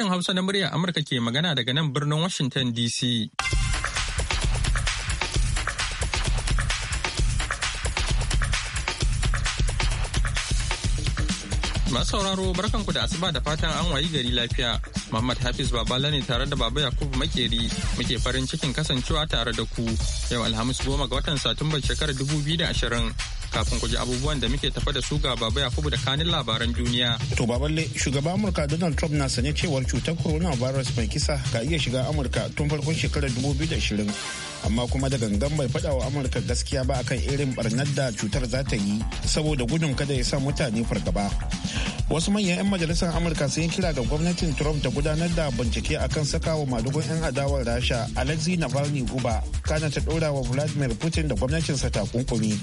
Sashen Hausa na muryar Amurka ke magana daga nan birnin Washington DC. Masu sauraro barkanku da asuba da fatan an wayi gari lafiya. Muhammad Hafiz Babala ne tare da Baba Yakubu Makeri muke farin cikin kasancewa tare da ku. Yau Alhamis goma ga watan Satumba shekarar 2020 kafin ku abubuwan da muke tafa da su ga baba yakubu da kanin labaran duniya. To baballe shugaban Amurka Donald Trump na sanya cewar cutar corona virus mai kisa ka iya shiga Amurka tun farkon shekarar dubu biyu da 2020 amma kuma da gangan bai faɗa wa Amurka gaskiya ba akan irin barnar da cutar za ta yi saboda gudun kada ya sa mutane fargaba. Wasu manyan 'yan majalisar Amurka sun yi kira ga gwamnatin Trump ta gudanar da bincike akan sakawa madugun 'yan adawar Rasha Alexei Navalny guba kana ta ɗora wa Vladimir Putin da gwamnatinsa takunkumi.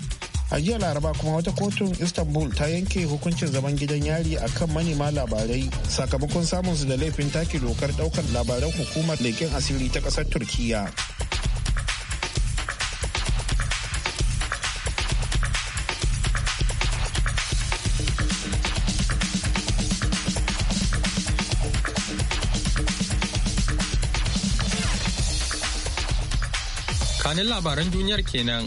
a jiya laraba kuma wata kotun istanbul ta yanke hukuncin zaman gidan yari a kan manema labarai sakamakon samun su da laifin take dokar daukar labaran hukumar leƙen asiri ta kasar turkiya kanin labaran duniyar kenan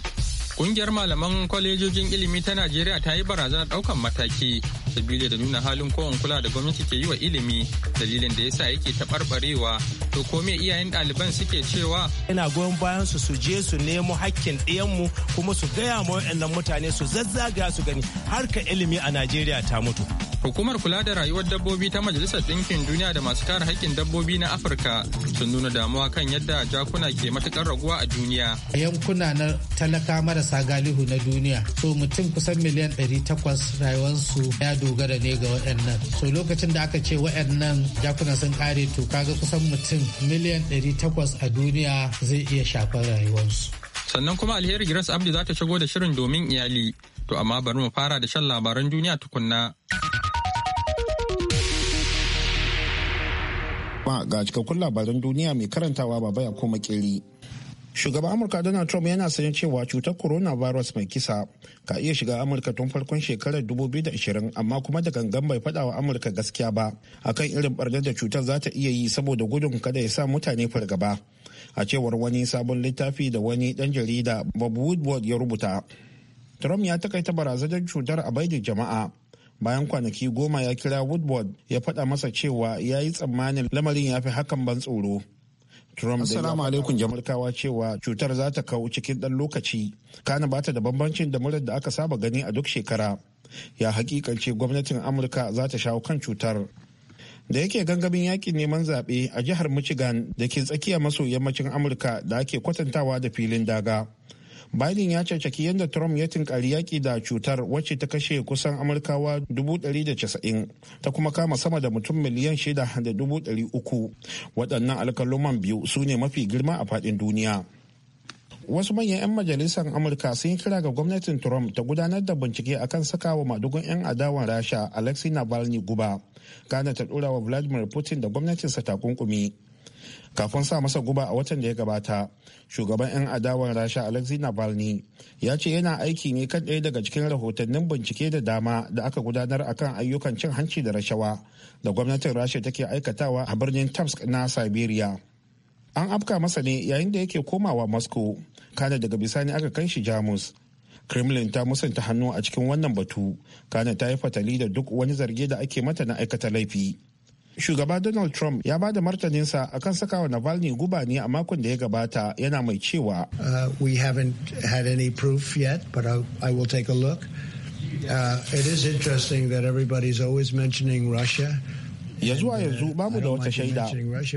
Kungiyar malaman kwalejojin ilimi ta Najeriya ta yi barazanar ɗaukan mataki sabili da nuna halin kowon kula da gwamnati ke yi wa ilimi dalilin da yasa yake taɓarɓarewa to ko me iyayen ɗaliban suke cewa ina goyon bayan su su je su nemo hakkin ɗiyanmu kuma su gaya ma waɗannan mutane su zazzagaya su gani harka ilimi a Najeriya ta mutu. Hukumar kula da rayuwar dabbobi ta Majalisar Ɗinkin Duniya da masu kare haƙƙin dabbobi na Afirka sun nuna damuwa kan yadda jakuna ke matuƙar raguwa a duniya. A yankuna na talaka marasa galihu na duniya, to mutum kusan miliyan ɗari 800 rayuwarsu ya dogara ne ga waɗannan. to lokacin da aka ce waɗannan jakuna sun kare to kaga kusan mutum miliyan ɗari takwas a duniya zai iya shafar rayuwarsu. sannan kuma alheri giras abdi za ta shigo da shirin domin iyali to amma bari mu fara da shan labaran duniya tukunna kuma ga cikakkun labaran duniya mai karantawa ba baya koma kiri. Shugaban Amurka Donald Trump yana sanin cewa cutar coronavirus mai kisa ka iya shiga Amurka tun farkon shekarar 2020 amma kuma da gangan bai faɗa wa Amurka gaskiya ba akan irin barnar da cutar za ta iya yi saboda gudun kada ya sa mutane fargaba. A cewar wani sabon littafi da wani ɗan jarida Bob Woodward ya rubuta. Trump ya takaita barazanar cutar a baidin jama'a bayan kwanaki goma ya kira woodward ya faɗa masa cewa ya yi tsammanin lamarin ya fi hakan ban tsoro trump da ya alaikum jamurkawa cewa cutar za ta kawo cikin ɗan lokaci kana ba ta da bambancin da murar da aka saba gani a duk shekara ya hakikance gwamnatin amurka za ta shawo kan cutar da yake gangamin yakin neman zaɓe a jihar michigan da ke tsakiya maso yammacin amurka da ake kwatantawa da filin daga biden ya caccaki yadda trump ya tinkari yaƙi da cutar wacce ta kashe kusan amurkawa 190 ta kuma kama sama da mutum miliyan 6.300 waɗannan alkaluman biyu su ne mafi girma a faɗin duniya wasu manyan 'yan majalisar amurka sun yi kira ga gwamnatin trump ta gudanar da bincike akan sakawa madugun 'yan adawan rasha alexei navalny guba kana ta dora wa vladimir putin da gwamnatinsa takunkumi kafin sa masa guba a watan da ya gabata shugaban 'yan adawar rasha alexei navalny ya ce yana aiki ne kan ɗaya daga cikin rahotannin bincike da dama da aka gudanar akan ayyukan cin hanci da rashawa da gwamnatin rasha take aikatawa a birnin tamsk na siberia an afka masa ne yayin da yake komawa moscow kana daga bisani aka kai shi jamus kremlin ta musanta hannu a cikin wannan batu kana ta yi fatali da duk wani zarge da ake mata na aikata laifi shugaba donald trump ya ba da martaninsa navalny a makon da ya gabata yana mai cewa uh, we haven't had any proof yet but i, I will take a look uh, it is interesting that everybody's always mentioning russia yanzu a yanzu babu da wata shaida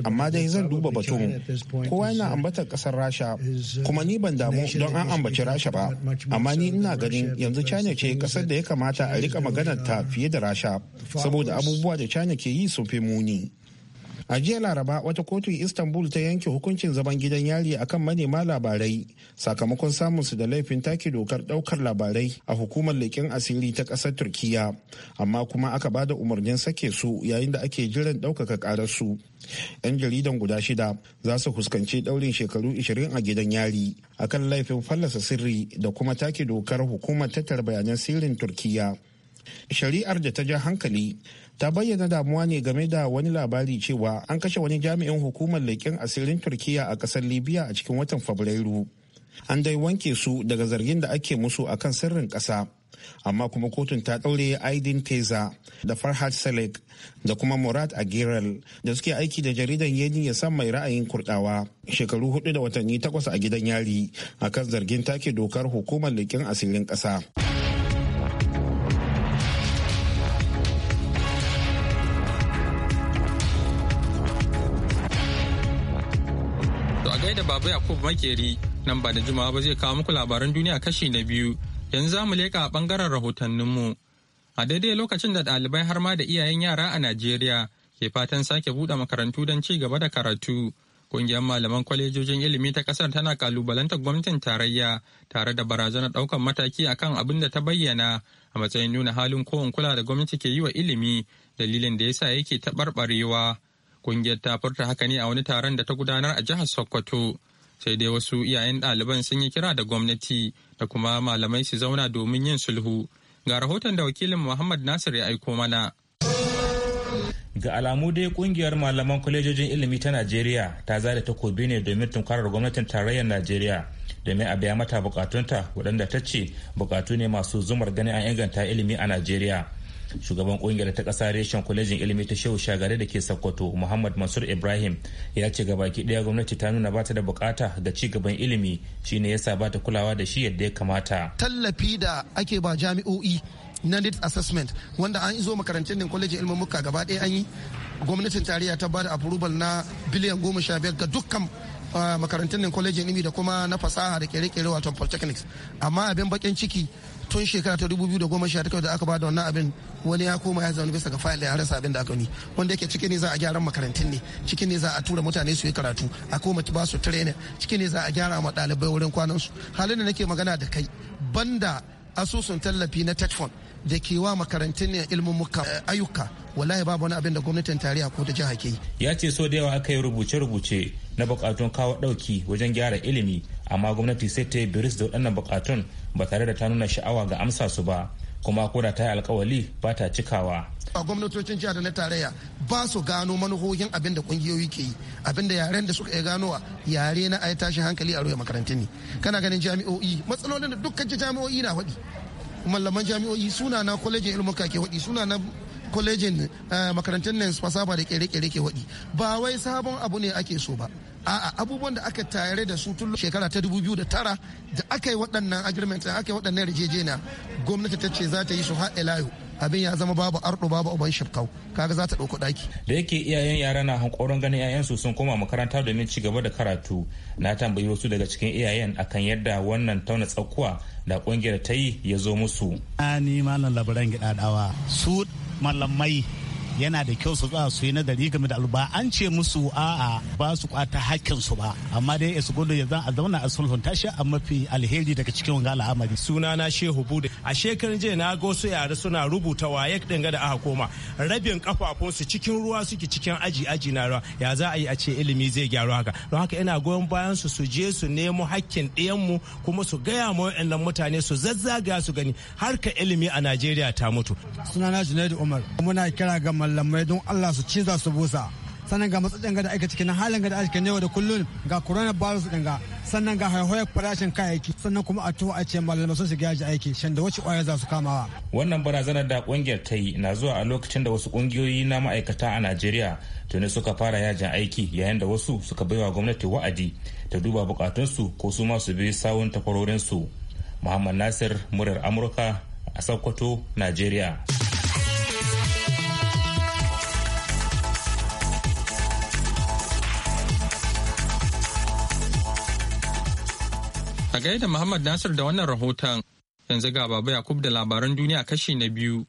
amma dai zan duba batun kowa yana ambatar kasar rasha kuma ni ban damu don an ambaci rasha ba amma ni ina ganin yanzu china ce kasar da ya kamata a rika maganar ta fiye da rasha saboda abubuwa da china ke yi sun fi muni a jiya laraba wata kotu istanbul ta yanke hukuncin zaman gidan yari akan manema labarai sakamakon samunsu da laifin take dokar daukar labarai a hukumar leƙen asiri ta ƙasar turkiya amma kuma aka ba da umarnin sake su yayin da ake jiran ɗaukaka ƙarar su yan jaridan guda shida za su fuskanci ɗaurin shekaru 20 a gidan yari akan laifin fallasa sirri da kuma take dokar hukumar tattara bayanan sirrin turkiya shari'ar da ta ja hankali ta bayyana damuwa ne game da wani labari cewa an kashe wani jami'in hukumar leƙen asirin turkiya a ƙasar libya a cikin watan fabrairu an dai wanke su daga zargin da ake musu a kan sirrin ƙasa amma kuma kotun ta ɗaure aidin teza da farhat selek da kuma murad agiral da suke aiki da jaridan yeni ya san mai ra'ayin kurɗawa. shekaru hudu da watanni takwas a gidan yari akan zargin take dokar hukumar leƙen asirin ƙasa. da Baba Yakub Makeri nan ba da jimawa ba zai kawo muku labaran duniya kashi na biyu. Yanzu za mu leƙa ɓangaren rahotanninmu. A daidai lokacin da ɗalibai har ma da iyayen yara a Najeriya ke fatan sake buɗe makarantu don ci gaba da karatu. ƙungiyar malaman kwalejojin ilimi ta ƙasar tana kalubalantar gwamnatin tarayya tare da barazanar ɗaukar mataki akan abin da ta bayyana a matsayin nuna halin kowane kula da gwamnati ke yi wa ilimi dalilin da ya sa yake taɓarɓarewa. Kungiyar ta furta haka ne a wani taron da ta gudanar a jihar Sokoto. Sai dai wasu iyayen ɗaliban sun yi kira da gwamnati da kuma malamai su zauna domin yin sulhu. Ga rahoton da wakilin Muhammad Nasir ya aiko mana. ga alamu dai kungiyar malaman kwalejojin ilimi ta najeriya ta zada takobi ne domin tunkarar gwamnatin tarayyar najeriya domin a biya mata bukatunta waɗanda ta ce bukatu ne masu zumar ganin an inganta ilimi a najeriya shugaban kungiyar ta kasa reshen kwalejin ilimi ta shehu shagare da ke sokoto muhammad mansur ibrahim ya ce ga baki daya gwamnati ta nuna bata da bukata ga ci gaban ilimi shine yasa bata kulawa da shi yadda ya kamata tallafi da ake ba jami'o'i na need assessment wanda an izo makarantar din kwalejin muka gaba daya an yi gwamnatin tarayya ta bada approval na biliyan goma sha biyar ga dukkan makarantar din kwalejin ilimi da kuma na fasaha da kere-kere wato polytechnics amma abin bakin ciki tun shekara ta 2018 da aka ba da wannan abin wani ya koma ya zaune bisa ga fayil da ya rasa abin da aka yi wanda yake cikin ne za a gyara makarantun ne cikin ne za a tura mutane su yi karatu a koma ba su training cikin ne za a gyara ma ɗalibai wurin kwanan su halin da nake magana da kai banda asusun tallafi na tetfon da ke wa makarantun ilmummuka eh, ayyuka wallahi babu wani abin da gwamnatin tarayya ko da jiha ke yi ya ce so da yawa aka yi rubuce-rubuce na bukatun kawo ɗauki wajen gyara ilimi amma gwamnati sai ta yi biris da waɗannan bukatun ba tare da ta nuna sha'awa ga amsa su ba kuma ko da ta yi alkawali ba ta cikawa. a gwamnatocin jiha da na tarayya ba su gano manuhohin abin da kungiyoyi ke yi abin da yaren da suka iya ganowa yare na ai tashin hankali a ruwa makarantun ne kana ganin jami'o'i matsalolin da dukkan jami'o'i na faɗi malaman jami'o'i suna na kwalejin ilmuka ke waɗi suna na kwalejin eh, makarantar nan fasaba da kere-kere ke waɗi ba wai sabon abu ne ake so ba a'a abubuwan da aka tare da su tun shekara ta 2009 da aka yi waɗannan agreement aka yi waɗannan yarjejeniya gwamnati ta ce za ta yi su haɗe layo abin ya zama babu arɗo babu uban shirkau kaga za ta ɗauki ɗaki. da yake iyayen yara na hankoron ganin 'ya'yansu sun koma makaranta domin ci gaba da karatu na tambayi wasu daga cikin iyayen akan yadda wannan tauna tsakuwa da ƙungiyar ta yi ya zo musu. ni malam labaran gida dawa. su malamai yana da kyau su tsaya su yi nazari game da alba an ce musu a'a ba su kwata hakkin su ba amma dai su gudu ya a zauna a sulhun tashi a mafi alheri daga cikin wanga al'amari suna na shehu bude a shekarun jiya na ga wasu yare suna rubuta waye dinga da aka koma rabin kafafun su cikin ruwa suke cikin aji aji na ruwa ya za a yi a ce ilimi zai gyaru haka don haka ina goyon bayan su su je su nemo hakkin mu kuma su gaya ma wa'annan mutane su zazzaga su gani harka ilimi a Najeriya ta mutu na Junaidu Umar muna kira ga mallamai don Allah su ci za su busa sannan ga matsatsen da aika cikin halin da aka yau da kullun ga korona virus din ga sannan ga haihuwar farashin kayayyaki sannan kuma a tuwa a ce malamai sun shiga yaji aiki shan da wace kwaya za su kamawa. wannan barazanar da kungiyar ta yi na zuwa a lokacin da wasu kungiyoyi na ma'aikata a najeriya tuni suka fara yajin aiki yayin da wasu suka baiwa gwamnati wa'adi ta duba bukatunsu ko su ma su bi sawun takwarorinsu muhammad nasir murar amurka a sokoto najeriya. A gaida Muhammad Nasir da wannan rahoton yanzu ga Baba Yakub da labaran duniya kashi na biyu.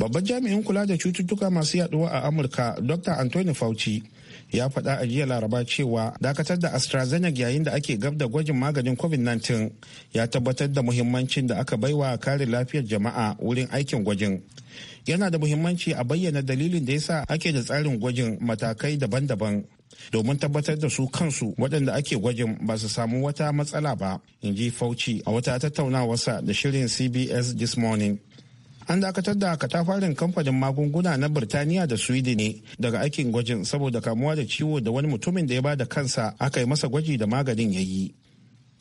Babban jami'in kula da cututtuka masu yaduwa a Amurka, Dr. Anthony Fauci, ya faɗa a jiya laraba cewa dakatar da AstraZeneca yayin da ake gab da gwajin maganin COVID-19 ya tabbatar da muhimmancin da aka baiwa kare lafiyar jama'a wurin aikin gwajin. Yana da muhimmanci a bayyana dalilin da yasa ake da tsarin gwajin matakai daban-daban. domin tabbatar da su kansu waɗanda ake gwajin ba su samu wata matsala ba in ji fauci a wata tattaunawarsa da shirin cbs this morning an dakatar da katafarin kamfanin magunguna na birtaniya da sweden ne daga aikin gwajin saboda kamuwa da ciwo da wani mutumin da ya bada kansa aka yi masa gwaji da maganin ya yi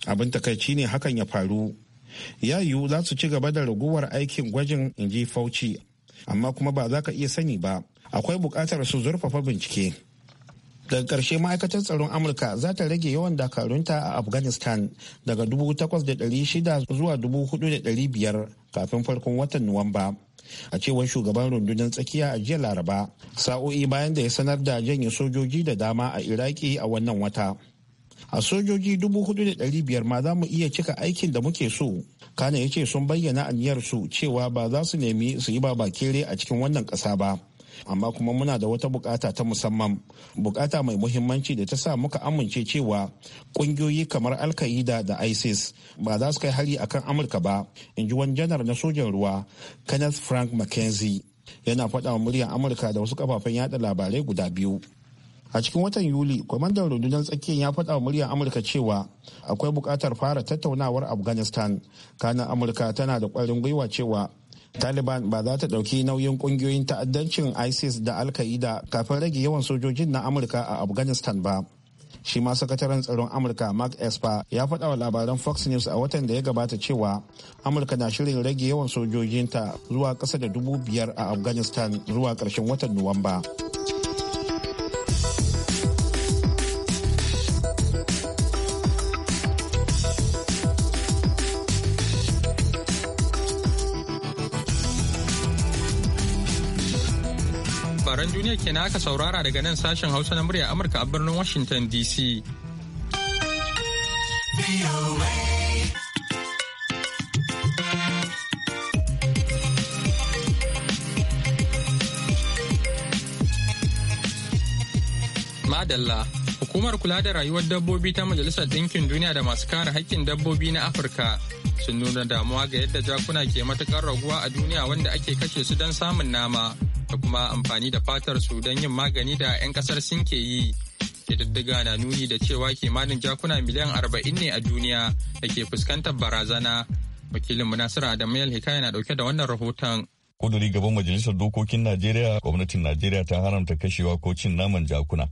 abin takaici ne hakan ya faru ya yiwu za su ci gaba da raguwar aikin gwajin in ji fauci amma kuma ba za ka iya sani ba akwai bukatar su zurfafa bincike daga ƙarshe ma'aikatar tsaron amurka za ta rage yawan dakarunta a afghanistan daga 8,600 zuwa 4,500 kafin farkon watan nuwamba a cewar shugaban rundunar tsakiya a jiya laraba sa'o'i bayan da ya sanar da janye sojoji da dama a iraki a wannan wata a sojoji 4,500 ma za mu iya cika aikin da muke so kana ya ce sun bayyana aniyarsu cewa ba za su nemi su yi babakere a cikin wannan ƙasa ba amma kuma muna da wata bukata ta musamman bukata mai muhimmanci da ta sa muka amince cewa kungiyoyi kamar alka'ida da isis ba za su kai hari akan amurka ba in ji wani janar na sojan ruwa kenneth frank mckenzie yana faɗa wa muryar amurka da wasu kafafen yada labarai guda biyu a cikin watan yuli kwamandan rundunar tsakiyar ya faɗa wa muryar amurka cewa akwai buƙatar fara tattaunawar afghanistan kanan amurka tana da ƙwarin gwiwa cewa Taliban ba za ta ɗauki nauyin ƙungiyoyin ta'addancin ISIS da alka'ida kafin rage yawan sojojin na Amurka a Afghanistan ba. Shi ma sakataren tsaron Amurka Mark Esper ya faɗa wa labaran Fox News a watan da ya gabata cewa Amurka na shirin rage yawan sojojinta zuwa ƙasa da dubu biyar a Afghanistan zuwa ƙarshen watan Nuwamba. duniya kenan aka saurara daga nan sashen Hausa na murya Amurka a birnin Washington DC. Madalla Hukumar kula da rayuwar dabbobi ta Majalisar Ɗinkin Duniya da masu kare haƙƙin dabbobi na Afirka sun nuna damuwa ga yadda jakuna ke matuƙar raguwa a duniya wanda ake kashe su don samun nama. da kuma amfani da fatar su don yin magani da 'yan kasar sin ke yi kididdiga na nuni da cewa kimanin jakuna miliyan arba'in ne a duniya da ke fuskantar barazana wakilin munasira yal hikaya na dauke da wannan rahoton kuduri gaban majalisar dokokin najeriya gwamnatin najeriya ta haramta kashewa ko cin naman jakuna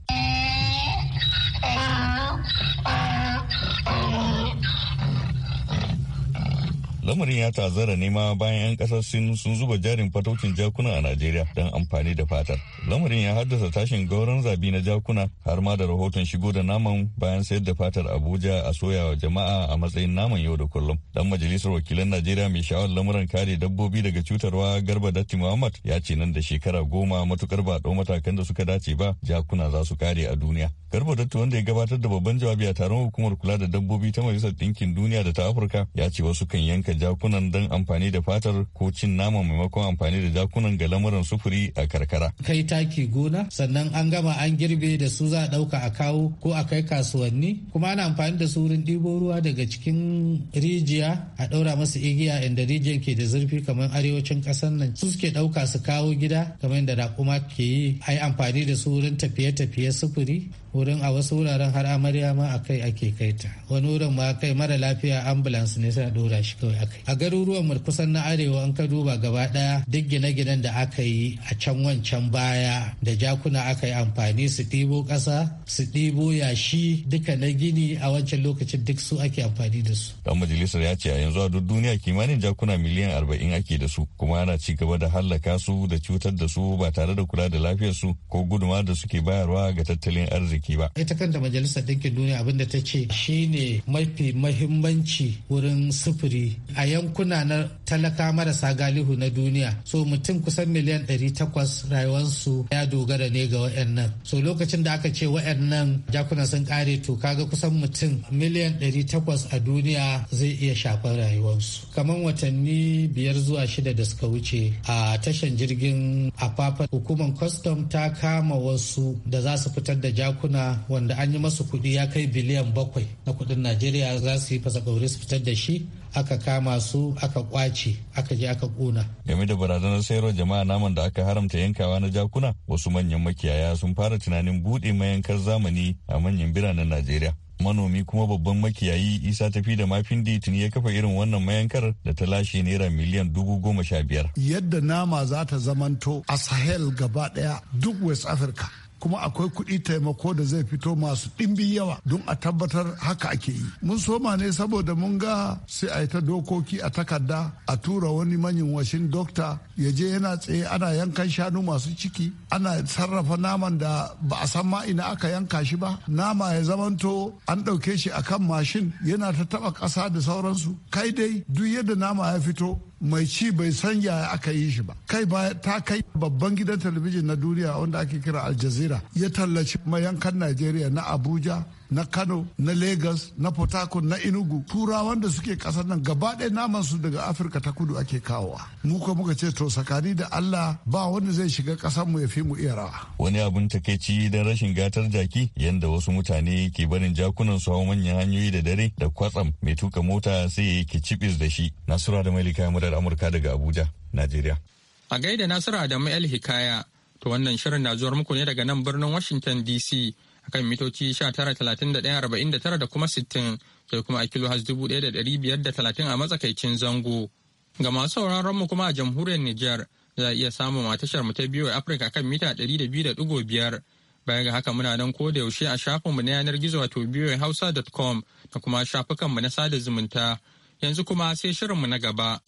lamarin ya tazara nema bayan 'yan kasar sin sun zuba jarin fataucin jakuna a najeriya don amfani da fatar lamarin ya haddasa tashin gauran zabi na jakuna har ma da rahoton shigo da naman bayan sayar da fatar abuja a soyawa jama'a a matsayin naman yau da kullum dan majalisar wakilan najeriya mai sha'awar lamuran kare dabbobi daga cutarwa garba datti muhammad ya ce nan da shekara goma matukar ba ɗau matakan da suka dace ba jakuna za su kare a duniya garba datti wanda ya gabatar da babban jawabi a taron hukumar kula da dabbobi ta majalisar ɗinkin duniya da ta afirka ya ce wasu kan yanka jakunan don amfani da fatar ko cin nama maimakon amfani da jakunan ga lamuran sufuri a karkara. Kai taki gona sannan an gama an girbe da su za a ɗauka a kawo ko a kai kasuwanni kuma ana amfani da su wurin ɗibo ruwa daga cikin rijiya a ɗaura masu igiya inda rijiyan ke da zurfi kamar arewacin ƙasar nan su suke ɗauka su kawo gida kamar yadda raƙuma ke yi a yi amfani da su wurin tafiye-tafiye sufuri wurin a wasu wuraren har amarya ma a kai ake kai ta wani wurin ma kai mara lafiya ambulance ne sai a dora shi kawai akai a garuruwan mu kusan na arewa an ka duba gaba daya duk gine-ginen da aka yi a can wancan baya da jakuna aka yi amfani su ɗibo ƙasa su ɗibo yashi duka na gini a wancan lokacin duk su ake amfani da su dan majalisar ya ce a yanzu a duk duniya kimanin jakuna miliyan arba'in ake da su kuma ana ci gaba da hallaka su da cutar da su ba tare da kula da lafiyar su ko guduma da suke bayarwa ga tattalin arziki ciki ba. Ita kanta Majalisar Ɗinkin Duniya abin da ta ce shine mafi mahimmanci wurin sufuri a yankuna na talaka marasa galihu na duniya. So mutum kusan miliyan ɗari rayuwarsu ya dogara ne ga wa'annan. So lokacin da aka ce wayannan jakuna sun kare to kaga kusan mutum miliyan ɗari takwas a duniya zai iya shafar rayuwarsu. Kamar watanni biyar zuwa shida da suka wuce a tashan jirgin afafa hukumar kwastam ta kama wasu da za su fitar da jakuna bankuna wanda an yi masu kuɗi ya kai biliyan bakwai na kuɗin najeriya za su yi fasa ɗaure su fitar da shi aka kama su aka kwace aka je aka kuna game da barazanar sayarwa jama'a naman da aka haramta yankawa na jakuna wasu manyan makiyaya sun fara tunanin buɗe mayankar zamani a manyan biranen najeriya manomi kuma babban makiyayi isa tafi da mafindi tuni ya kafa irin wannan mayankar da ta lashe naira miliyan dubu goma sha biyar yadda nama za ta zamanto a sahel gaba daya duk west africa kuma akwai kuɗi taimako da zai fito masu ɗimbi yawa don a tabbatar haka ake yi mun soma ne saboda mun ga sai a yi ta dokoki a takarda a tura wani manyan washin dokta ya je yana tsaye ana yankan shanu masu ciki ana sarrafa naman da ba a san ma ina aka yanka shi ba nama ya zamanto an ɗauke shi akan mashin yana ta taɓa ƙasa da sauransu kai dai duk yadda nama ya fito mai ci bai san ya aka yi shi ba kai ba ta kai babban gidan talabijin na duniya wanda ake kira al ya tallaci mayankan najeriya na abuja na kano na lagos na port na inugu turawan da suke kasar nan gaba ɗaya naman su daga afirka ta kudu ake kawowa mu kuma muka ce to sakani da allah ba wanda zai shiga kasar mu ya fi mu iya rawa wani abun takeici don rashin gatar jaki yanda wasu mutane ke barin jakunan su hawa manyan hanyoyi da dare da kwatsam mai tuka mota sai ya ke cibis da shi nasura da mailika murar amurka daga abuja najeriya a gaida nasura da mai hikaya to wannan shirin na zuwar muku ne daga nan birnin washington dc kan mitoci 19,31,49 da kuma 60 sai kuma a kilo has 1,530 a matsakaicin zango. Ga masu sauraron mu kuma a jamhuriyar Nijar za a iya samun a tashar mu ta biyu a Afirka kan mita 200.5 Bayan ga haka muna nan ko da yaushe a shafinmu na yanar gizo wato Hausa.com, da kuma shafukanmu na sada zumunta yanzu kuma sai shirinmu na gaba.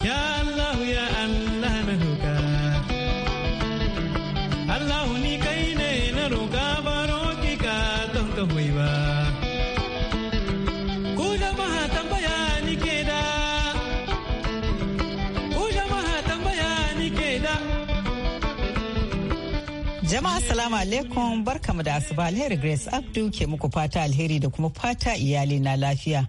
Jama'a salamu alaikum barkamu da asuba alheri Grace Abdu ke muku fata alheri da kuma fata iyali na lafiya.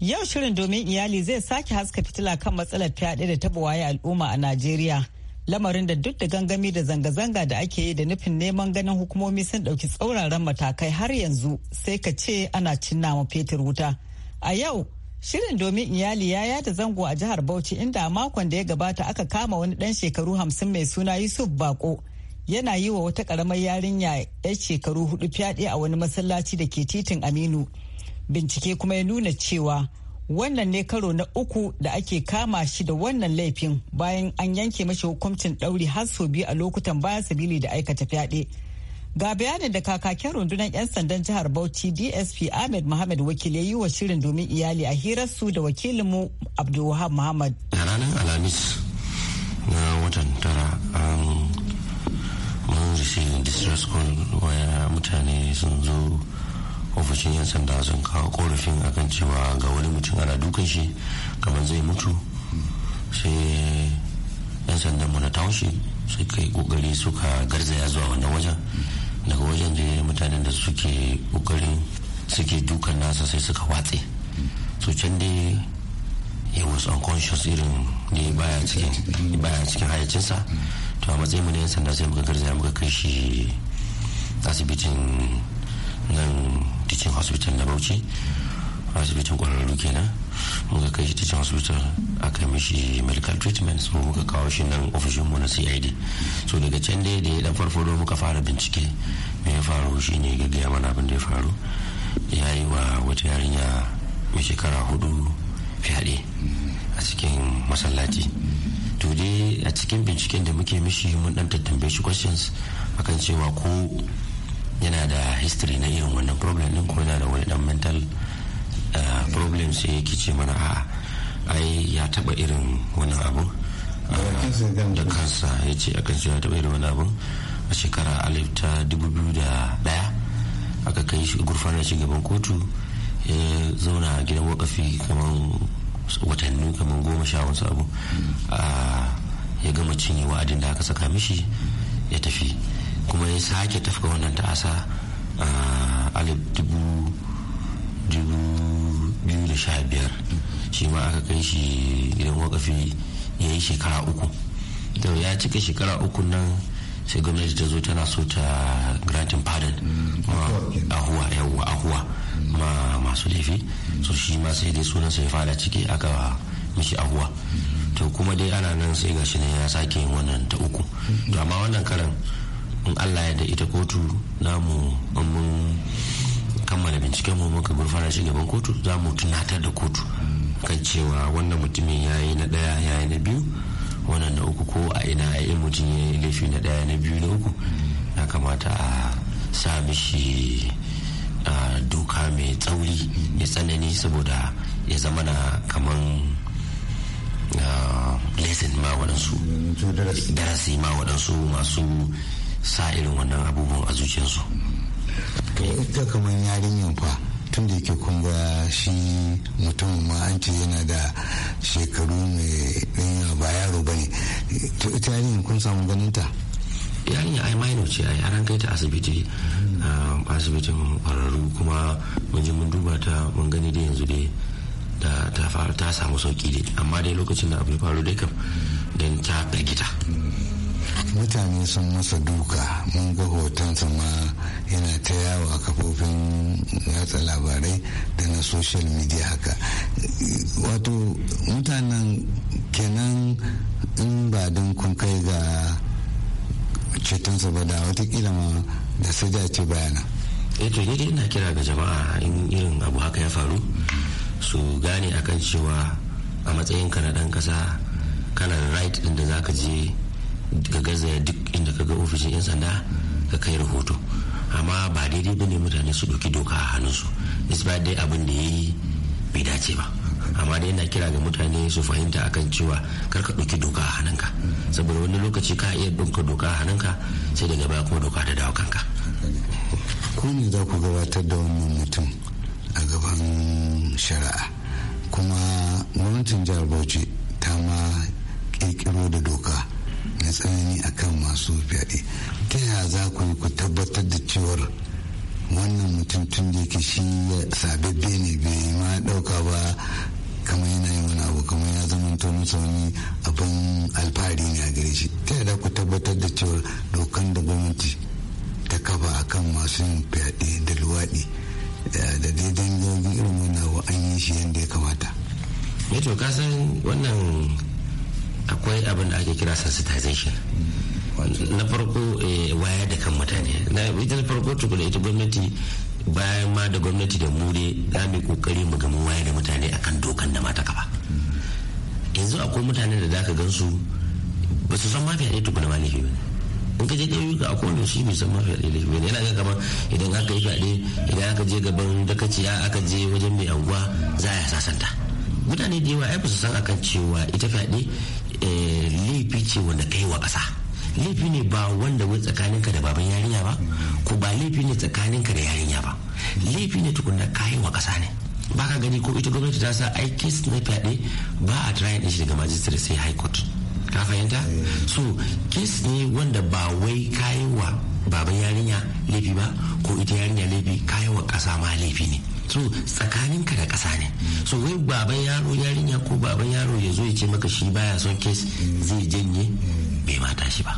Yau shirin domin iyali zai sake haska fitila kan matsalar fyaɗe da taɓa waye al'umma a Najeriya. Lamarin da duk da gangami da zanga-zanga da ake yi da nufin neman ganin hukumomi sun ɗauki tsauraran matakai har yanzu sai ka ce ana cinna ma fetur wuta. A yau Shirin domin iyali ya yada zango a jihar Bauchi inda makon da ya gabata aka kama wani ɗan shekaru hamsin mai suna Yusuf Bako yana yi wa wata karamar yarinya 'yar shekaru hudu fyaɗe a wani masallaci da ke titin aminu bincike kuma ya nuna cewa wannan ne karo na uku da ake kama shi da wannan laifin bayan an yanke mashi hukuncin ɗauri har sau biyu a lokutan bayan sabili da aikata fyaɗe ga bayanin da kakakin rundunar 'yan sandan jihar bauchi dsp ahmed muhammad wakil ya yi wa shirin domin iyali a hirarsu da wakilinmu abdulwahab muhammad a ranar alhamis na watan tara um, rashin distress call waya mutane sun zo ofishin yan sanda sun kawo korafin kan cewa ga wani mutum ana dukan shi kamar zai mutu sai yan sandan mu na taushe sai kai kokari suka garzaya zuwa wannan wajen daga wajen da mutanen da suke kokari suke dukan nasa sai suka watse so can dai he was unconscious irin ne baya cikin hayacinsa to a matsayin mu na yan sanda sai muka garzaya muka kai shi asibitin nan teaching hospital na bauchi asibitin kwararru kenan muka kai shi teaching hospital aka mishi medical treatment so muka kawo shi nan ofishin mu na cid so daga can dai da ya dan farfado muka fara bincike me ya faru shine gaggaya mana abin da ya faru ya yi wa wata yarinya mai shekara hudu fyaɗe a cikin masallaci to dai a cikin binciken da muke mishi mun dan tattambe shi questions akan cewa ko yana da history na irin wannan problem din ko yana da wani dan mental eh, problem sai yake ce mana a ai ya taba irin wannan abu da eh, kansa ya ce akan cewa ya taba irin wannan abu a shekara alif ta 2001 aka kai shi gurfanar shi gaban kotu ya zauna gidan wakafi kamar watanni kamar goma sha wasu abu ya gama cinye wa'adin da aka saka mishi ya tafi kuma ya sake tafka wannan ta'asa a alif dubu biyu da sha biyar shi ma aka kai shi idan wakafi ya yi shekara uku da ya cika shekara uku nan sai gwamnati ta zo tana so ta grantin pardon ahuwa yawwa ahuwa ma masu laifi so shi ma sai dai suna sai fada ciki aka mishi ahuwa to kuma dai ana nan sai gashi ne ya sake wannan ta uku to amma wannan karan in allah ya da ita kotu namu mun kammala binciken mu muka gurfana shi gaban kotu za mu tunatar da kotu kan cewa wannan mutumin yayi na ɗaya ya na biyu wannan na uku ko a ina ya mutum ya yi laifi na daya na biyu na uku ya kamata a sa mishi doka mai tsauri mai tsanani saboda ya zama na kaman lesson ma waɗansu darasi ma waɗansu masu sa irin wannan abubuwan a zuciyarsu ita kamar yarinyar fa tun da yake kunga shi mutum ma an ce yana da shekaru mai ta ita kun samu ganin ta yarin ai minor ce ai an kai ta asibiti asibitin kwararru kuma mun je mun duba ta mun gani da yanzu dai da ta faru ta samu sauki dai amma dai lokacin da abu ya faru dai kam dan ta firgita mutane sun masa duka mun ga hoton ma yana ta yawo a kafofin yatsa labarai da na social media haka wato mutanen kenan in ba don kun kai ga cetonsa ba da watakila ma da su ce bayana eh to ni ina kira ga jama'a in irin abu haka ya faru su gane akan cewa a matsayin ka na dan kasa kana right din da zaka je ka gaza duk inda ka ga ofishin yan sanda ka kai rahoto amma ba daidai bane mutane su ɗauki doka a hannunsu despite dai abin da ya yi bai dace ba amma dai yana kira ga mutane su fahimta akan cewa kar ka ɗauki doka a hannunka saboda wani lokaci ka iya ɗauka doka a hannunka sai daga baya kuma doka ta dawo kanka ku ne za ku gabatar da wannan mutum a gaban shari'a kuma gwamnatin jihar bauchi ta ma ƙirƙiro da doka na tsanani akan masu fyaɗe ta yaya za ku yi ku tabbatar da cewar wannan mutum tun da yake shi sababbe ne bai ma ɗauka ba kamar yana yin wani abu kamar ya zama ta masa wani abin alfahari ne a gare shi ta yadda ku tabbatar da cewa dokan da gwamnati ta kafa kan masu yin fyaɗe da luwaɗi eh, da daidai gangin irin wani abu an yi shi yadda ya kamata. ya eh to kasan wannan akwai abin da ake kira sensitization na farko eh, waya da kan mutane na ita na farko tukuna ita gwamnati bayan ma da gwamnati da mu dai za mu kokari mu gama waya da mutane akan dokan da mata kafa yanzu akwai mutane da zaka gansu ba su san mafiya ɗaya tukuna ma ba in ka je ƙauyuka a kowane shi bai san mafiya ɗaya laifi ba yana ga kamar idan aka yi fyaɗe idan aka je gaban dakaciya aka je wajen mai anguwa za a sasanta mutane da yawa ai ba su san akan cewa ita fyaɗe eh, laifi ce wanda kai wa ƙasa laifi ne ba wanda wai tsakaninka da baban yarinya ba ko ba laifi ne tsakaninka da yarinya ba laifi ne tukunna kayan wa ƙasa ne ba ka gani ko ita gwamnati ta sa ai kes na fyaɗe ba a try din shi daga majistar sai high court ka fahimta so kes ne wanda ba wai kayan wa baban yarinya laifi ba ko ita yarinya laifi kayan wa ƙasa ma laifi ne so tsakaninka da kasa ne so wai baban yaro yarinya ko baban yaro ya zo ya ce maka shi baya son kes zai janye bai mata shi ba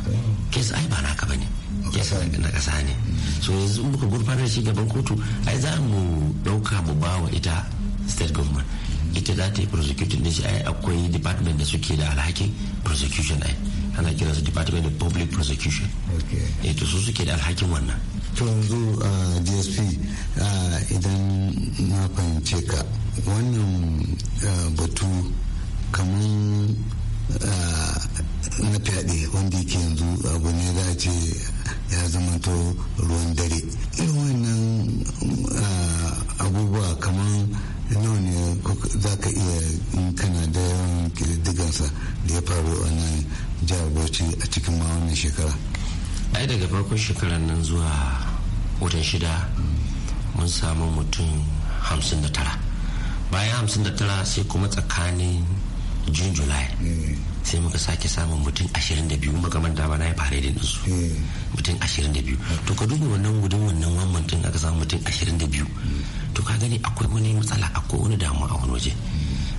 kesa ai ba naka bane kesa na kasa ne so yanzu in muka gurfanar shi gaban kotu ai za mu dauka mu bawa ita state government ita za ta yi prosecuting din shi ai akwai department da suke da alhakin prosecution ai ana kira su department of public prosecution eh to su suke da alhakin wannan to yanzu uh, dsp uh, idan na fahimce ka wannan uh, batu kamar Eh, na fyaɗe wanda yake yanzu abu ne za ce ya zamanto ruwan dare irin wannan eh, abubuwa kamar nawa ne za ka iya in kana da yawan da ya faru a nan jihar a cikin ma wannan shekara ai daga farkon shekarar nan zuwa watan shida mun samu mutum hamsin da tara bayan hamsin da tara sai kuma tsakanin june july hmm. sai muka sake samun mutum 22 muka manta ba na ya fara hmm. da su mutum 22 to ka duba wannan gudun wannan wan mutum aka samu mutum 22 hmm. to ka gani akwai wani matsala akwai wani damuwa a wani waje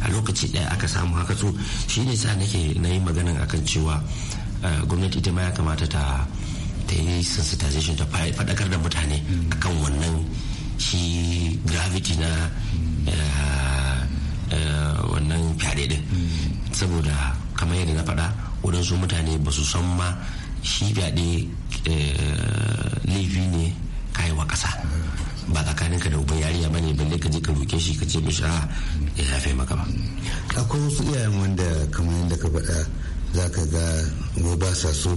a lokaci daya aka samu haka so shi ne sa nake na yi maganan akan cewa eh, gwamnati ita ma ya kamata ta ta yi sensitization ta faɗakar da mutane akan wannan shi gravity na eh, Eh, wannan fyaɗe din saboda kamar yadda na faɗa waɗansu mutane ba su san ma shi fyaɗe eh, laifi ne kayi wa ƙasa ba tsakaninka da uban yariya ba ne balle ka je ka roke shi ka ce mishi a ah, ya shafe maka ba akwai wasu iyayen wanda kamar yadda ka faɗa za ka ga wai ba sa so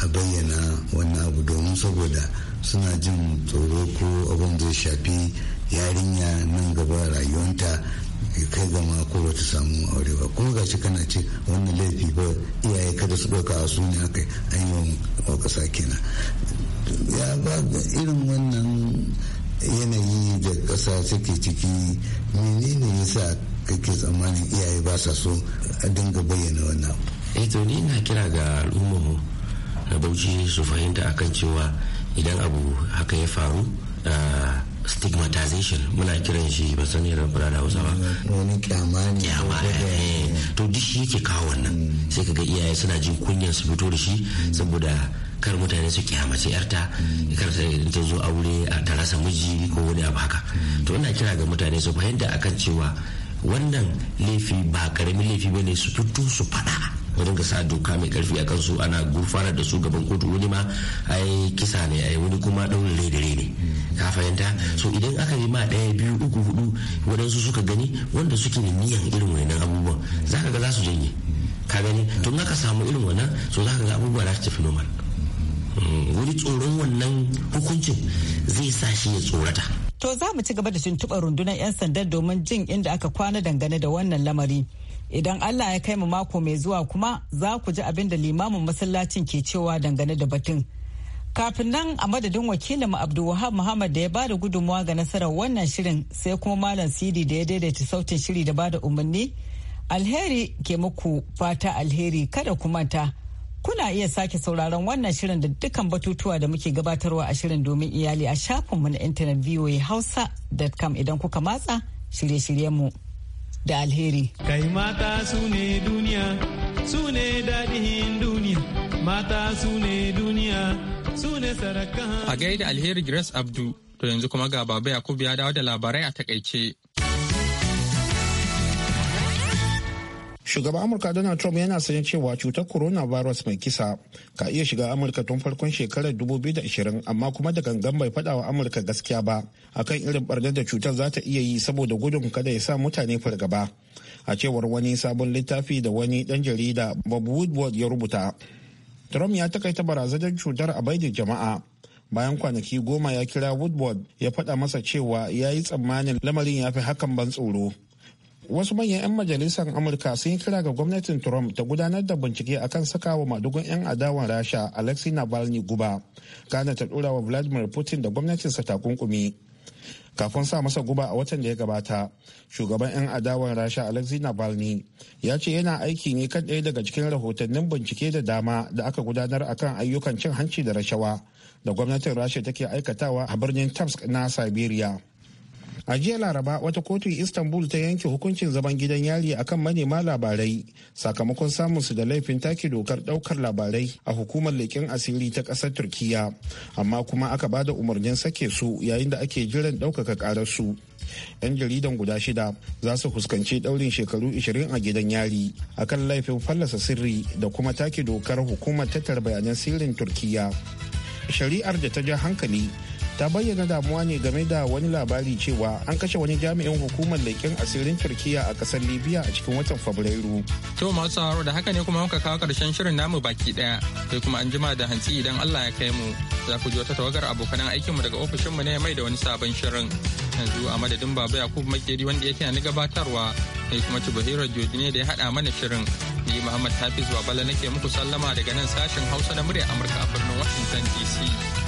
a bayyana wannan abu domin saboda suna jin tsoro ko abin zai shafi yarinya nan gaba rayuwanta zama ko bata samu aure ba kuma gashi kana ce wannan laifi ba iyaye kada su ɗauka a su ne aka an yi wa ƙasa kenan ya ba irin wannan yanayi da ƙasa suke ciki menene yasa kake tsammanin iyaye ba sa so a dinga bayyana wannan eh ni na kira ga al'ummar na bauchi su fahimta akan cewa idan abu haka ya faru ah, stigmatization muna kiran shi ba sani da fura da hausa ba wani kyama ne kyama eh. to duk shi yake kawo wannan sai ka ga iyaye suna jin kunyar su fito da shi saboda kar mutane su kyamace yarta kar ta zo aure a tarasa miji ko wani abu haka to ina kira ga mutane su fahimta akan cewa wannan laifi ba karamin laifi bane su fito su faɗa mu dinga sa doka mai karfi a kansu ana gurfanar da su gaban kotu wani ma ai kisa ne ai wani kuma daurin laidare ne ka fahimta so idan aka yi ma daya biyu uku hudu waɗansu suka gani wanda suke da niyan irin wannan abubuwan ka ga za su janye ka gani to naka samu irin wannan so za ka ga abubuwa za su tafi normal mm, wuri tsoron wannan hukuncin zai sa shi ya tsorata to za mu ci gaba da tuntuɓar rundunar 'yan sandan domin jin inda aka kwana dangane da wannan lamari Idan Allah ya kai mu mako mai zuwa kuma za ku ji abin da limamin masallacin ke cewa dangane da batun. Kafin nan a madadin wakilin Abdulwahab Muhammad da ya bada gudunmawa ga nasarar wannan shirin sai kuma Malam Sidi da ya daidaita sautin shiri da bada umarni. Alheri ke muku fata alheri kada ku manta. Kuna iya sake sauraron wannan shirin da dukkan batutuwa da muke gabatarwa a shirin domin iyali a shafinmu na intanet voahausa.com idan kuka matsa shirye-shiryenmu. mu. da alheri. Kai mata su ne duniya, su ne daɗin duniya, mata su ne duniya, su ne sarakan. A gaida alheri Grace Abdu, to yanzu kuma ga Baba Yakubu ya dawo da labarai a takaice. shugaban amurka donald trump yana sanin cewa cutar coronavirus mai kisa ka iya shiga amurka tun farkon shekarar 2020 amma kuma da gangan bai faɗa wa amurka gaskiya ba akan irin barnar da cutar za ta iya yi saboda gudun kada ya sa mutane fargaba a cewar wani sabon littafi da wani dan jarida bob woodward ya rubuta trump ya takaita barazanar cutar a baidin jama'a bayan kwanaki goma ya kira woodward ya faɗa masa cewa ya yi tsammanin lamarin ya fi hakan ban tsoro wasu manyan 'yan majalisar amurka sun yi kira ga gwamnatin trump ta gudanar da bincike akan sakawa madugun 'yan adawan rasha alexei navalny guba kana ta dora wa vladimir putin da gwamnatinsa takunkumi kafin sa masa guba a watan da ya gabata shugaban 'yan adawan rasha alexei navalny ya ce yana aiki ne kan ɗaya daga cikin rahotannin bincike da dama da aka gudanar akan ayyukan cin hanci da rashawa da gwamnatin rasha take aikatawa a birnin tamsk na siberia a jiya laraba wata kotun istanbul ta yanke hukuncin zaman gidan yari akan manema labarai sakamakon samunsu da laifin take dokar daukar labarai a hukumar leƙen asiri ta ƙasar turkiya amma kuma aka ba da umarnin sake su yayin da ake jiran ɗaukaka su. yan jaridan guda shida za su fuskanci ɗaurin shekaru 20 a gidan yari akan laifin fallasa sirri da kuma take dokar hukumar tattara bayanan sirrin turkiya shari'ar da ta ja hankali ta bayyana damuwa ne game da wani labari cewa an kashe wani jami'in hukumar leƙen asirin turkiya a kasar libya a cikin watan fabrairu to masu sauraro da haka ne kuma muka kawo ƙarshen shirin namu baki ɗaya sai kuma an jima da hantsi idan allah ya kai mu za ku ji wata tawagar abokan aikinmu daga ofishinmu ne mai da wani sabon shirin yanzu a madadin baba yakubu makeri wanda yake na gabatarwa sai kuma tubahiro joji ne da ya haɗa mana shirin ni muhammad hafiz babala nake muku sallama daga nan sashen hausa na murya amurka a birnin washington dc